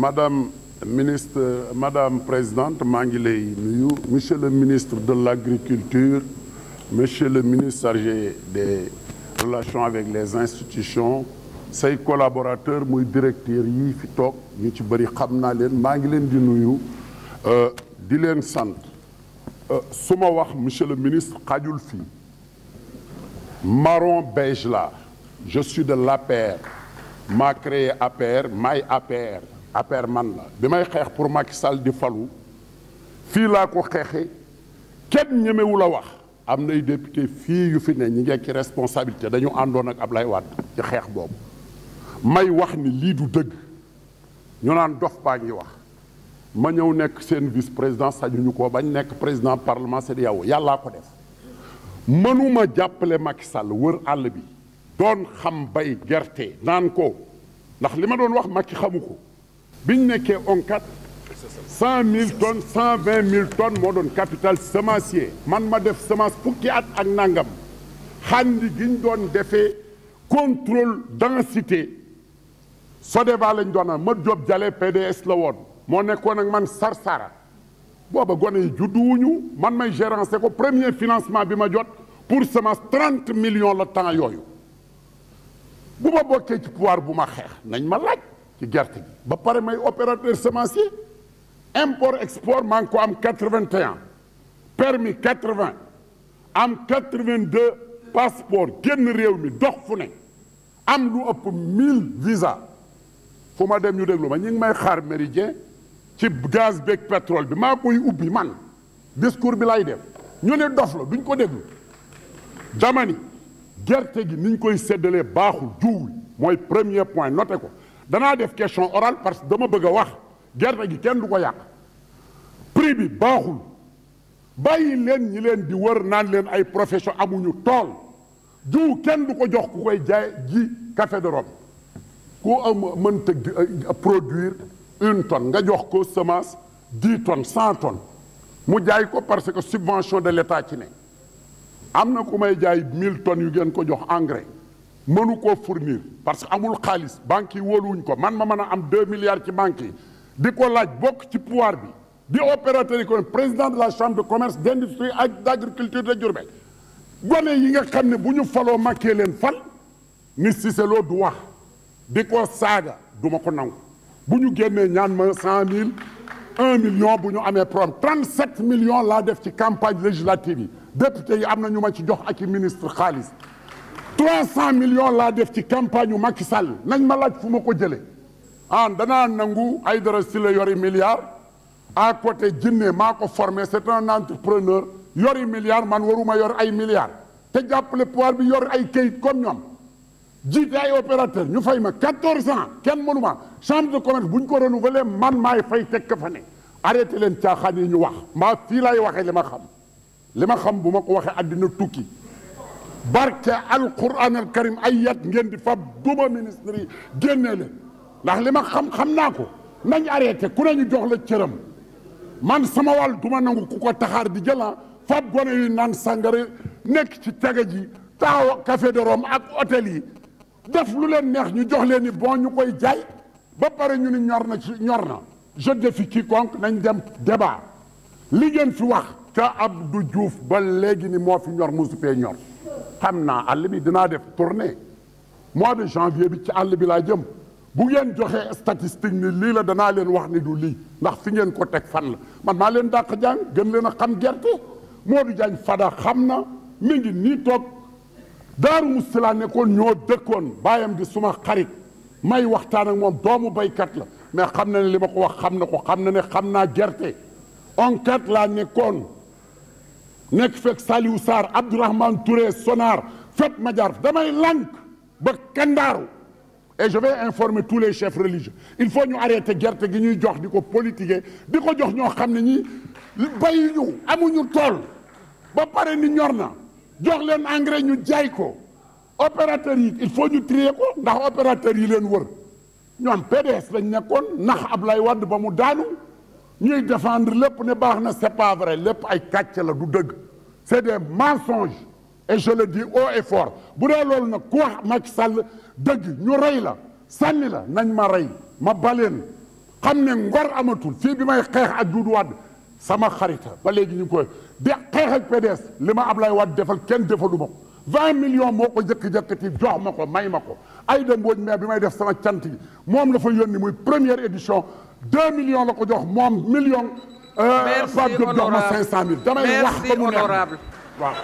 madame ministre madame présidente maa ngi lay nuyu monsieur le ministre de l'agriculture monsieur le ministre chargé des relations avec les institutions say collaborateurs muy directeur yi fi toog ñu ci bëri xam naa leen maa ngi leen di nuyu euh, di leen sant euh, su ma wax monsieur le ministre khajul fi maron beige la je suis de l'APR maa créé APR maay APR affaire man la bi may xeex pour Macky Sall di falu fii laa ko xeexe kenn ñemewu la wax am nay député fii yu fi ne ñi ngi ci responsabilité dañu àndoon ak Ablaye Wade ci xeex boobu may wax ni lii du dëgg ñu naan dof baa ngi wax ma ñëw nekk seen vice président sajuñu ko bañ nekk président parlement c'est yow e yàllaa ko def mënuma jàppale Macky Sall wër àll bi doon xam bay gerte naan ko ndax li ma doon wax makki xamu ko biñ nekkee ONCAT cent mille tonnes cent vingt mille tonnes moo doon capital semencier man ma def semence fukki at ak nangam xandi giñ doon defee contrôle densité Sodeva lañ doon am ma Diop Jale PDS la woon moo nekkoon ak man Sarsara booba gone yi judduwuñu man may gérancé ko premier financement bi ma jot pour semence trente million la temps yooyu bu ma bokkee ci pouvoir bu ma xeex nañ ma laaj ci gerte gi ba pare may opérateur semencier import export maa ngi ko am quatre-vingt et un permis quatre-vingt am quatre-vingt-deux passeport génn réew mi dox fu ne am lu ëpp mille visa fu ma dem ñu déglu ma ñu ngi may xaar méridien ci gaz beeg pétrole bi maa koy ubbi man discours bi lay def ñu ne dof la duñ ko déglu dama ni gerte gi niñ koy seddalee baaxul juuwul mooy premier point noté ko danaa def question orale parce que dama bëgg a wax gerte gi kenn du ko yàq prix bi baaxul bàyyi leen ñi leen di wër naan leen ay profession amuñu tool jiw kenn du ko jox ku koy jaay ji café de Rome ku am mënta euh, produire une tonne nga jox ko semence dix tonnes cent tonnes mu jaay ko parce que subvention de l'État ci ne am na ku may jaay mille tonnes yu ngeen ko jox engrais mënu koo fournir parce que amul xaalis banques yi wóoluwuñ ko man ma mën a am deux milliards ci banques di ko laaj bokk ci pouvoir bi di opérateur économique président de la chambre de commerce d' industrie ak d' agriculture de Diourbel gone yi nga xam ne bu ñu faloo makkee leen fal ni Cissé du wax di ko saaga du ma ko nangu bu ñu génnee ñaan ma cent mille un million bu ñu amee problème trente sept million laa def ci campagne législative yi député yi am na ñu ma ci jox ak i ministre xaalis 300 millions laa def ci campagne yu Macky Sall nañ ma laaj fu ma ko jëlee ah dana nangu ay dara si la yori milliard à côté Jinne maa ko formé c'est un entrepreneur yori milliard man waruma yor ay milliards te jàppale pouvoir bi yor ay kayit comme ñoom jiite ay opérateur ñu fay ma 14 ans kenn mënu ma chambre de commerce bu ñu ko renouveler man maay fay teg ka fa ne arrêté leen caaxaan yi ñu wax mbaa fii laay waxee li ma xam li ma xam bu ma ko waxee àddina tukki. barke alquran al karim ay yat ngeen di fab duma ministre yi génnee leen ndax li ma xam xam naa ko nañ arrêté ku nañu jox la cëram man sama wal duma nangu ku ko taxaar di jëla ah. fab gone yu naan sàngara nekk ci tege ji taxaw café de Rome ak hôtel yi def lu leen neex ñu jox leen ni bon ñu koy jaay ba pare ñu ni ñor na ci ñor na je défie quiconque nañ dem débat li ngeen fi wax ca du Diouf ba léegi ni moo fi ñor mosu fee ñor xam naa àll bi dinaa def tournée mois de janvier bi ci àll bi laa jëm bu ngeen joxee statistique ni lii la danaa leen wax ni du lii ndax fi ngeen ko teg fan la man maa leen dàq jàng gën leen a xam gerte Modou Diagne Fada xam na mi ngi nii toog Daaru Musti nekkoon ñoo dëkkoon bàyyam di suma xarit may waxtaan ak moom doomu baykat la mais xam na ne li ma ko wax xam na ko xam na ne xam naa gerte on enquête laa nekkoon nekk fekk Saliou Sarr Abdourahmane Touré Sonar Fatma Diarf damay lànk ba kandaaru et je vais informer tous les chefs religieux il faut ñu arrêter gerte gi ñuy jox di ko politiquer di ko jox ñoo xam ne ñi bayuñu amuñu tool ba pare ni ñor na jox leen engrais ñu jaay ko opérateurs yi il faut ñu trier ko ndax opérateurs yi leen wër ñoom PDS lañ nekkoon nax Ablaye Wade ba mu daanu ñuy défendre lépp ne baax na c'est pas vrai lépp ay kàcc la du dëgg c'est des mensonges et je le haut et bu dee loolu nag ku wax Macky Sall dëgg ñu rey la sànni la nañ ma rey ma baleen xam ne ngor amatul fii bi may xeex ak Doudou Wade sama xarita ba léegi ñu koy de xeex ak PDS li ma Ablaye Wade defal kenn defalu ma ko vingt millions moo ko jëkki-jëkkati jox ma ko may ma ko ay dem mbooj mais bi may def sama cant yi moom la fa yónni muy première édition deux millions la ko jox moom million. Pape euh, Diop jox ma cinq cent mille damay wax ba mu neex waaw